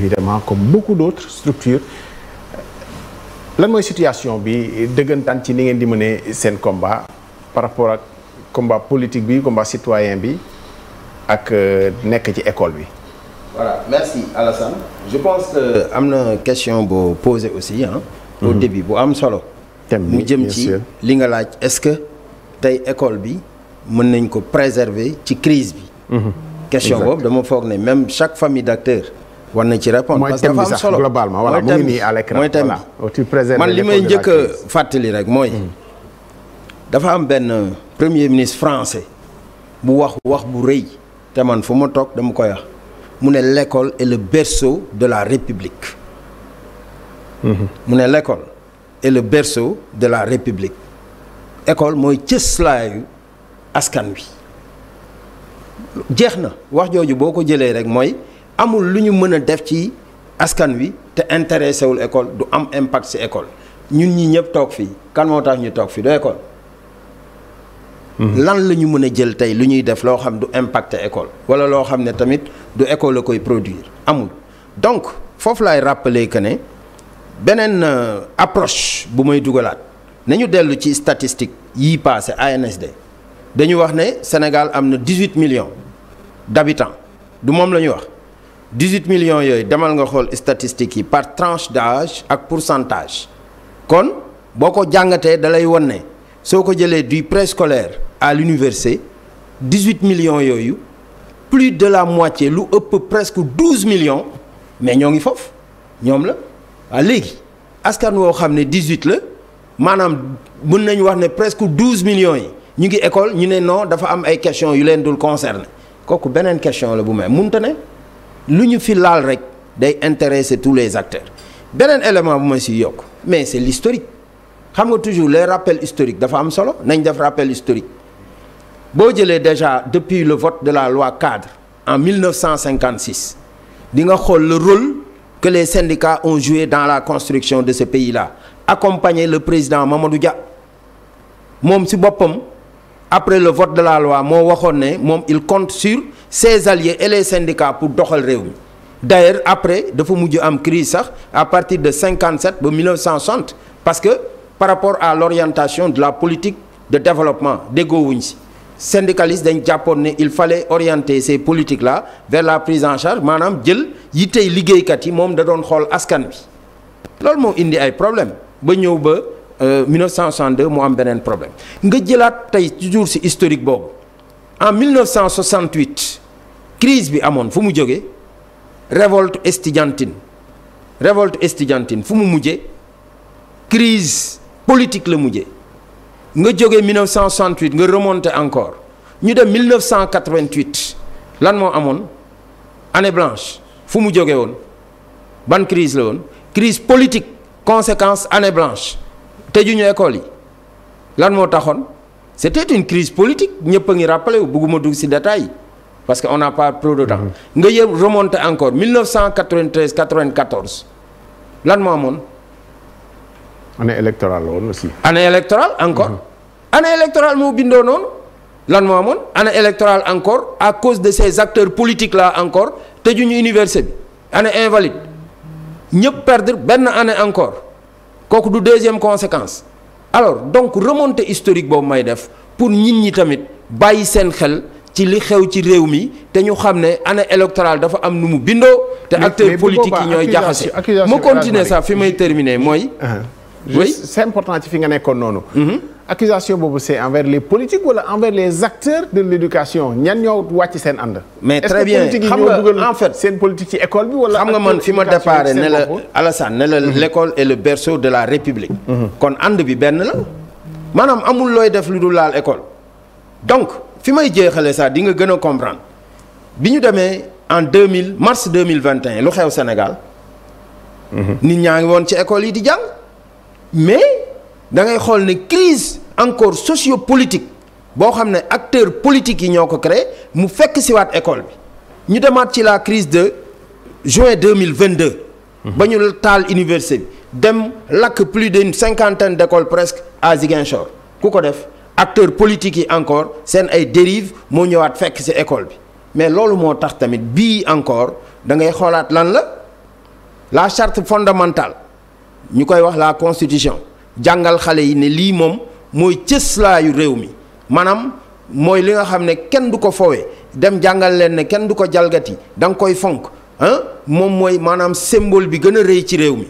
évidemment comme beaucoup d'autres structures lan mooy situation bi dëggantaan ci ni ngeen di mënee seen combat par rapport ak combat politique bi combat citoyen bi ak euh, nekk ci école bi. voilà merci Alassane je pense euh, am na question boo posé aussi ah. au mhm. bu am solo. mu jëm ci li nga laaj est-ce que tey école bi mën nañ ko préserver ci crise bi. Mhm. question boobu dama foog ne même chaque famille d'acteurs. war nañ ci répondre parce que dafa am solo globalement voilà mu ngi nii à l'écran mooy thème oh, man li may njëkk fàttali rek mooy hmm. dafa am benn premier ministre français bu wax wax bu rëy te man fu ma toog dama koy wax mu ne lekkool est le berceau de la république hmm. mu ne lekkool est le berceau de la république école mooy cëslaayu askan wi jeex na wax jooju boo ko jëlee rek mooy amul lu ñu mën a def ci askan wi te intéressé wul école du am impact ci école ñun ñi ñëpp toog fii kan moo tax ñu toog fii du école. Mhm. lan la ñu mën a jël tey lu ñuy def loo xam du impacté école wala loo xam ne tamit du école la koy produire amul donc foofu laay rappeler que ne beneen euh, approche bu may dugalaat nañu dellu ci statistique yii passé ANSD dañu wax ne Sénégal am na 18 millions d'habitants du moom la ñu wax 18 millions yooyu demal nga xool statistiques yi par tranche d'âge ak pourcentage kon boo ko jàngatee da lay won ne soo ko jëlee du préscolaire à l'université 18 millions yooyu plus de la moitié lu ëpp presque douze million mais ñoo ngi foofu ñoom la waaw léegi askan woo xam ne 18 la maanaam mun nañu wax ne presque 12 millions yi ñu ngi école ñu ne noo dafa am ay questions yu leen dul concerné kooku beneen question la bu may munta ne lu ñu fi laal rek day intéresser tous les acteurs beneen élément bu ma si yokk mais c'est l'historique xam nga toujours les rappels historiques dafa am solo nañ def rappel historique boo jëlee déjà depuis le vote de la loi cadre en 1956 di nga xool le rôle que les syndicats ont joué dans la construction de ce pays-là accompagner le président Mamadou Dia moom si boppam après le vote de la loi moo waxoon ne moom il compte sur ses alliés et les syndicats pour doxal réew mi d'ailleurs après dafa mujj am crise sax à partir de 57 ba 1960 parce que par rapport à l'orientation de la politique de développement déggoowuñ si syndicalistes dañ jàppoon ne il fallait orienter ces politiques là vers la prise en charge maanaam jël yi tey liggéeykat yi moom da doon xool askan bi loolu moo indi ay problème ba ñëw ba 1962 euh, mu am beneen problème nga jëlaat tey toujours ci historique boobu en 1968 crise bi amoon fu mu jógee révolte estudiantine révolte estudiantine fu mu mujjee crise politique la mujjee nga jógee 1968 nga remonter encore ñu dem 1988 lan moo amoon année blanche fu mu jógee woon ban crise la woon crise politique conséquence année blanche tëjuñu école yi lan moo taxoon c'était une crise politique ñëpp ngi rappelé wu bëgguma dugg ci détail yi parce que on n'a pas trop de temps. nga yëpp remonté encore 1993 94 lan moo amoon. année électorale la woon aussi. année électorale encore. Mm-hmm. année électorale moo bindoo noonu. lan moo amoon année électorale encore à cause de ces acteurs politiques la encore te tëjuñu université bi année invalide ñëpp perdre benn année encore kooku du deuxième conséquence alors donc remontée historique boobu may def pour ñit ñi tamit bàyyi seen xel. ci li xew ci réew mi te ñu xam ne anne électorale dafa am lu mu bindoo. te acteurs politiques yi ñooy jaxase ma continuer ça fi may terminer mooy. Uh-huh. oui c'est important ci fi nga nekkoon noonu. Mm-hmm. accusation boobu c'est envers les politiques wala envers les acteurs de l'éducation ñan ñoo wàcc seen ànd. mais très bien xam nga en fait seen politique ci bi wala. xam nga man fi ma déparé ne la Alassane ne la mm-hmm. l'école est le berceau de la République. Mm-hmm. kon ànd bi benn la maanaam amul looy def lu dul laal école donc. fi may jeexale sax di nga gën a comprendre bi ñu demee en 2000 mars 2021 lu xew Sénégal nit ñaa ngi woon ci école yi di jàng mais da ngay xool ne crise encore politique boo xam ne acteur politique yi ñoo ko créé mu fekk siwaat waat école bi ñu demaat ci la crise de juin 2022 ba ñu taal université bi dem lakk plus d'une cinquantaine d'écoles presque à Ziguinchor ku ko def acteur politiques yi encore seen ay dérives moo ñëwaat fekk ci école bi mais loolu moo tax tamit bii encore da ngay xoolaat lan la la charte fondamentale ñu koy wax laa constitution jàngal xale yi ne lii moom mooy cëslaayu réew mi maanaam mooy li nga xam ne kenn du ko fowee dem jàngal leen ne kenn du ko jalgati danga koy fonk ah moom mooy maanaam symbole bi gën a rëy ci réew mi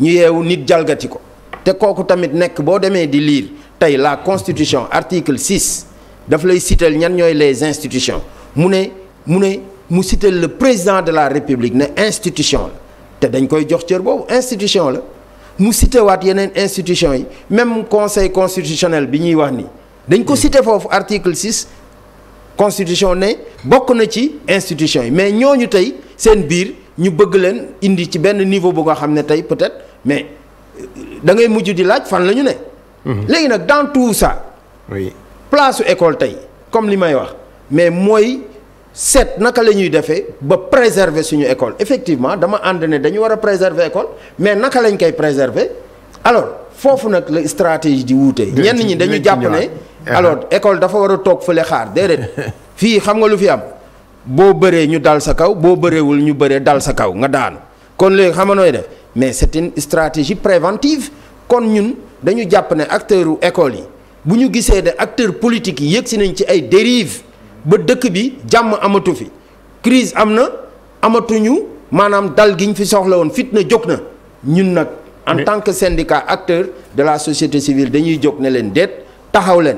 ñu yeewu nit jalgati ko te kooku tamit nekk boo demee di liir tey la constitution article 6 daf lay sital ñan ñooy les institutions mu ne mu ne mu sital le président de la république ne institution la te dañ koy jox cër boobu institution la mu waat yeneen institution yi même conseil constitutionnel bi ñuy wax ni dañ ko cité foofu article 6 constitution ne bokk na ci institution yi mais ñooñu tey seen biir ñu bëgg leen indi ci benn niveau bu nga xam ne tey peut-être mais euh, da ngay mujj di laaj fan la ñu ne Mhm. léegi nag dans tout ça. oui place su école tey comme li may wax mais mooy seet naka la ñuy defee ba préserver suñu école effectivement dama ànd ne dañu war a préserver école mais naka lañ koy préserver alors foofu nag la stratégie di wuute. ñenn ñi dañu jàpp ne. alors école dafa war a toog fële xaar déedéet fii xam nga lu fi am. boo bëree ñu dal sa kaw boo bëreewul ñu bëree dal sa kaw nga daanu kon léegi xam nga nooy def mais c'est stratégie préventive kon ñun. dañu jàpp ne acteur u école yi bu ñu gisee de acteur politiques yi si nañ ci ay dérives ba dëkk bi jàmm amatu fi crise am na amatuñu maanaam dal gi ñu fi soxla woon fitna jóg na ñun nag en tant que syndicat acteur de la société civile dañuy jóg ne leen déet taxaw leen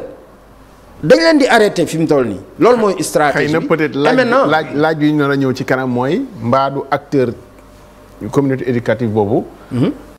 dañ leen di arrêté fi mu toll nii. loolu mooy stratégie xëy na peut-être laaj laaj yu ñu nar a ñëw ci kanam mooy mbaadu acteur communauté éducative boobu. Mhm.